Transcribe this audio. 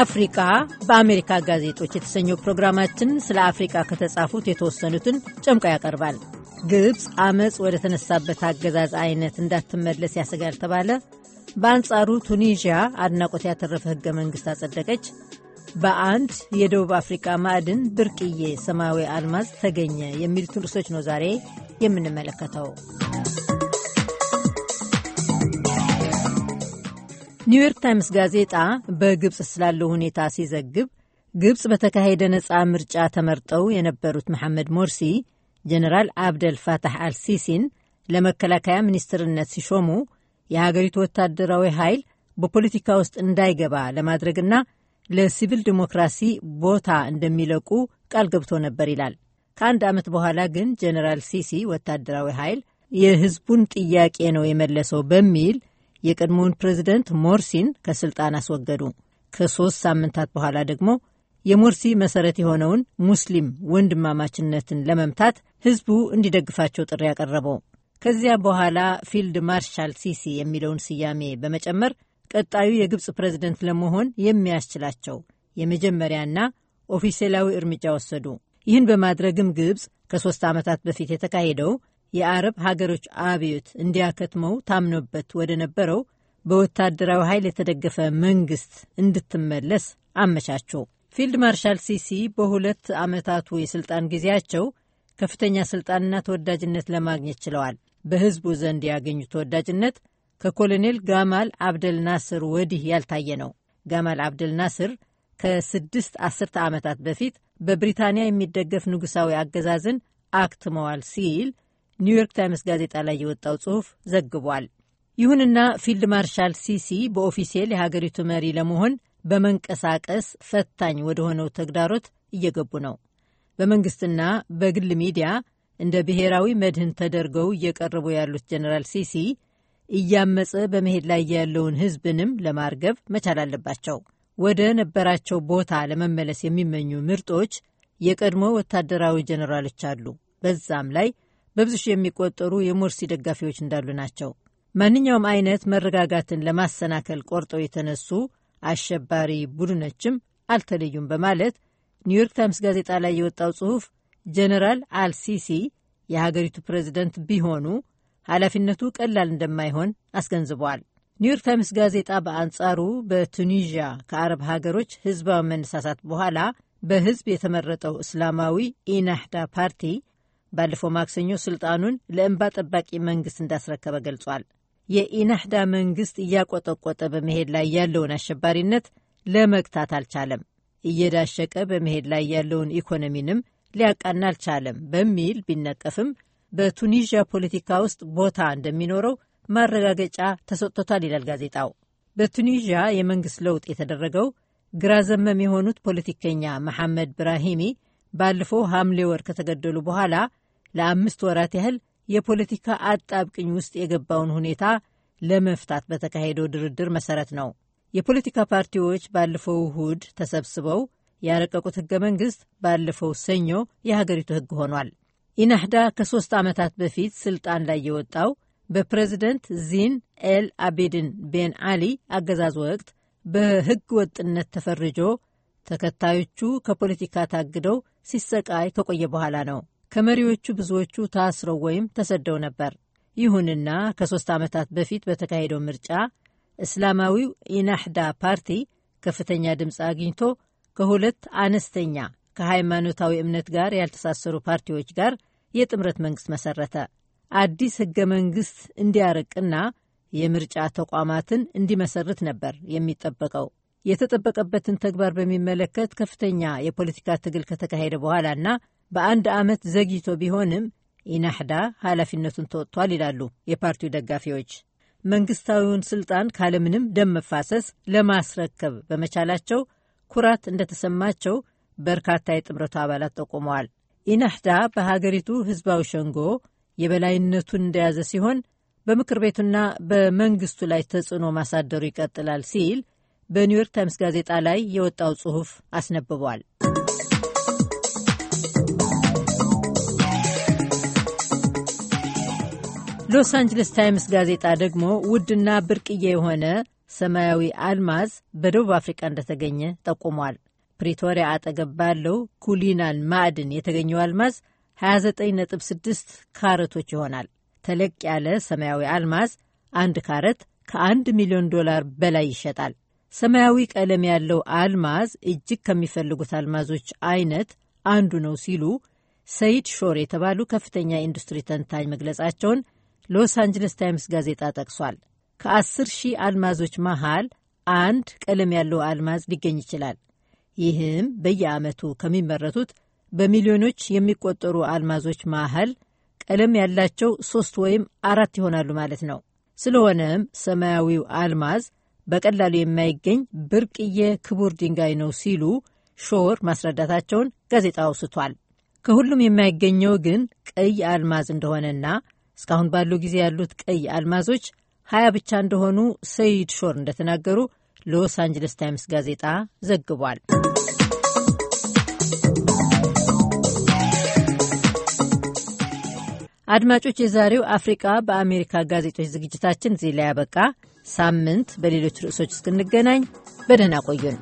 አፍሪካ በአሜሪካ ጋዜጦች የተሰኘው ፕሮግራማችን ስለ አፍሪካ ከተጻፉት የተወሰኑትን ጨምቆ ያቀርባል። ግብፅ አመፅ ወደ ተነሳበት አገዛዝ አይነት እንዳትመለስ ያሰጋል ተባለ፣ በአንጻሩ ቱኒዥያ አድናቆት ያተረፈ ህገ መንግሥት አጸደቀች፣ በአንድ የደቡብ አፍሪካ ማዕድን ብርቅዬ ሰማያዊ አልማዝ ተገኘ የሚሉትን ርዕሶች ነው ዛሬ የምንመለከተው። ኒውዮርክ ታይምስ ጋዜጣ በግብፅ ስላለው ሁኔታ ሲዘግብ ግብፅ በተካሄደ ነፃ ምርጫ ተመርጠው የነበሩት መሐመድ ሞርሲ ጀነራል አብደል ፋታሕ አልሲሲን ለመከላከያ ሚኒስትርነት ሲሾሙ የሀገሪቱ ወታደራዊ ኃይል በፖለቲካ ውስጥ እንዳይገባ ለማድረግና ለሲቪል ዲሞክራሲ ቦታ እንደሚለቁ ቃል ገብቶ ነበር ይላል። ከአንድ ዓመት በኋላ ግን ጀነራል ሲሲ ወታደራዊ ኃይል የህዝቡን ጥያቄ ነው የመለሰው በሚል የቀድሞውን ፕሬዚደንት ሞርሲን ከስልጣን አስወገዱ። ከሶስት ሳምንታት በኋላ ደግሞ የሞርሲ መሰረት የሆነውን ሙስሊም ወንድማማችነትን ለመምታት ህዝቡ እንዲደግፋቸው ጥሪ ያቀረበው። ከዚያ በኋላ ፊልድ ማርሻል ሲሲ የሚለውን ስያሜ በመጨመር ቀጣዩ የግብፅ ፕሬዝደንት ለመሆን የሚያስችላቸው የመጀመሪያና ኦፊሴላዊ እርምጃ ወሰዱ። ይህን በማድረግም ግብፅ ከሦስት ዓመታት በፊት የተካሄደው የአረብ ሀገሮች አብዮት እንዲያከትመው ታምኖበት ወደ ነበረው በወታደራዊ ኃይል የተደገፈ መንግስት እንድትመለስ አመቻቸው። ፊልድ ማርሻል ሲሲ በሁለት ዓመታቱ የሥልጣን ጊዜያቸው ከፍተኛ ሥልጣንና ተወዳጅነት ለማግኘት ችለዋል። በሕዝቡ ዘንድ ያገኙ ተወዳጅነት ከኮሎኔል ጋማል አብደል ናስር ወዲህ ያልታየ ነው። ጋማል አብደል ናስር ከስድስት አስርተ ዓመታት በፊት በብሪታንያ የሚደገፍ ንጉሳዊ አገዛዝን አክትመዋል ሲል ኒውዮርክ ታይምስ ጋዜጣ ላይ የወጣው ጽሑፍ ዘግቧል። ይሁንና ፊልድ ማርሻል ሲሲ በኦፊሴል የሀገሪቱ መሪ ለመሆን በመንቀሳቀስ ፈታኝ ወደሆነው ተግዳሮት እየገቡ ነው። በመንግስትና በግል ሚዲያ እንደ ብሔራዊ መድህን ተደርገው እየቀረቡ ያሉት ጀነራል ሲሲ እያመፀ በመሄድ ላይ ያለውን ህዝብንም ለማርገብ መቻል አለባቸው። ወደ ነበራቸው ቦታ ለመመለስ የሚመኙ ምርጦች የቀድሞ ወታደራዊ ጀነራሎች አሉ። በዛም ላይ በብዙ ሺህ የሚቆጠሩ የሞርሲ ደጋፊዎች እንዳሉ ናቸው። ማንኛውም አይነት መረጋጋትን ለማሰናከል ቆርጠው የተነሱ አሸባሪ ቡድኖችም አልተለዩም በማለት ኒውዮርክ ታይምስ ጋዜጣ ላይ የወጣው ጽሑፍ ጀነራል አልሲሲ የሀገሪቱ ፕሬዚደንት ቢሆኑ ኃላፊነቱ ቀላል እንደማይሆን አስገንዝበዋል። ኒውዮርክ ታይምስ ጋዜጣ በአንጻሩ በቱኒዥያ ከአረብ ሀገሮች ህዝባዊ መነሳሳት በኋላ በህዝብ የተመረጠው እስላማዊ ኢናህዳ ፓርቲ ባለፈው ማክሰኞ ስልጣኑን ለእንባ ጠባቂ መንግስት እንዳስረከበ ገልጿል። የኢናህዳ መንግስት እያቆጠቆጠ በመሄድ ላይ ያለውን አሸባሪነት ለመግታት አልቻለም፣ እየዳሸቀ በመሄድ ላይ ያለውን ኢኮኖሚንም ሊያቃና አልቻለም በሚል ቢነቀፍም በቱኒዥያ ፖለቲካ ውስጥ ቦታ እንደሚኖረው ማረጋገጫ ተሰጥቶታል ይላል ጋዜጣው። በቱኒዥያ የመንግስት ለውጥ የተደረገው ግራ ዘመም የሆኑት ፖለቲከኛ መሐመድ ብራሂሚ ባለፈው ሐምሌ ወር ከተገደሉ በኋላ ለአምስት ወራት ያህል የፖለቲካ አጣብቅኝ ውስጥ የገባውን ሁኔታ ለመፍታት በተካሄደው ድርድር መሰረት ነው። የፖለቲካ ፓርቲዎች ባለፈው እሁድ ተሰብስበው ያረቀቁት ህገ መንግሥት ባለፈው ሰኞ የሀገሪቱ ህግ ሆኗል። ኢናህዳ ከሦስት ዓመታት በፊት ስልጣን ላይ የወጣው በፕሬዚደንት ዚን ኤል አቤድን ቤን አሊ አገዛዝ ወቅት በህግ ወጥነት ተፈርጆ ተከታዮቹ ከፖለቲካ ታግደው ሲሰቃይ ከቆየ በኋላ ነው። ከመሪዎቹ ብዙዎቹ ታስረው ወይም ተሰደው ነበር። ይሁንና ከሦስት ዓመታት በፊት በተካሄደው ምርጫ እስላማዊው ኢናሕዳ ፓርቲ ከፍተኛ ድምፅ አግኝቶ ከሁለት አነስተኛ ከሃይማኖታዊ እምነት ጋር ያልተሳሰሩ ፓርቲዎች ጋር የጥምረት መንግሥት መሰረተ። አዲስ ሕገ መንግሥት እንዲያረቅና የምርጫ ተቋማትን እንዲመሰርት ነበር የሚጠበቀው። የተጠበቀበትን ተግባር በሚመለከት ከፍተኛ የፖለቲካ ትግል ከተካሄደ በኋላና በአንድ ዓመት ዘግይቶ ቢሆንም ኢናህዳ ኃላፊነቱን ተወጥቷል ይላሉ የፓርቲው ደጋፊዎች። መንግስታዊውን ስልጣን ካለምንም ደም መፋሰስ ለማስረከብ በመቻላቸው ኩራት እንደተሰማቸው በርካታ የጥምረቱ አባላት ጠቁመዋል። ኢናህዳ በሀገሪቱ ህዝባዊ ሸንጎ የበላይነቱን እንደያዘ ሲሆን በምክር ቤቱና በመንግስቱ ላይ ተጽዕኖ ማሳደሩ ይቀጥላል ሲል በኒውዮርክ ታይምስ ጋዜጣ ላይ የወጣው ጽሑፍ አስነብቧል። ሎስ አንጅለስ ታይምስ ጋዜጣ ደግሞ ውድና ብርቅዬ የሆነ ሰማያዊ አልማዝ በደቡብ አፍሪቃ እንደተገኘ ጠቁሟል። ፕሪቶሪያ አጠገብ ባለው ኩሊናን ማዕድን የተገኘው አልማዝ 29.6 ካረቶች ይሆናል። ተለቅ ያለ ሰማያዊ አልማዝ አንድ ካረት ከአንድ ሚሊዮን ዶላር በላይ ይሸጣል። ሰማያዊ ቀለም ያለው አልማዝ እጅግ ከሚፈልጉት አልማዞች አይነት አንዱ ነው ሲሉ ሰይድ ሾር የተባሉ ከፍተኛ የኢንዱስትሪ ተንታኝ መግለጻቸውን ሎስ አንጅለስ ታይምስ ጋዜጣ ጠቅሷል። ከአስር ሺህ አልማዞች መሃል አንድ ቀለም ያለው አልማዝ ሊገኝ ይችላል። ይህም በየዓመቱ ከሚመረቱት በሚሊዮኖች የሚቆጠሩ አልማዞች መሃል ቀለም ያላቸው ሶስት ወይም አራት ይሆናሉ ማለት ነው። ስለሆነም ሰማያዊው አልማዝ በቀላሉ የማይገኝ ብርቅዬ ክቡር ድንጋይ ነው ሲሉ ሾር ማስረዳታቸውን ጋዜጣ አውስቷል። ከሁሉም የማይገኘው ግን ቀይ አልማዝ እንደሆነና እስካሁን ባለው ጊዜ ያሉት ቀይ አልማዞች ሀያ ብቻ እንደሆኑ ሰይድ ሾር እንደተናገሩ ሎስ አንጀለስ ታይምስ ጋዜጣ ዘግቧል። አድማጮች፣ የዛሬው አፍሪቃ በአሜሪካ ጋዜጦች ዝግጅታችን እዚህ ላይ ያበቃ። ሳምንት በሌሎች ርዕሶች እስክንገናኝ በደህና ቆዩን።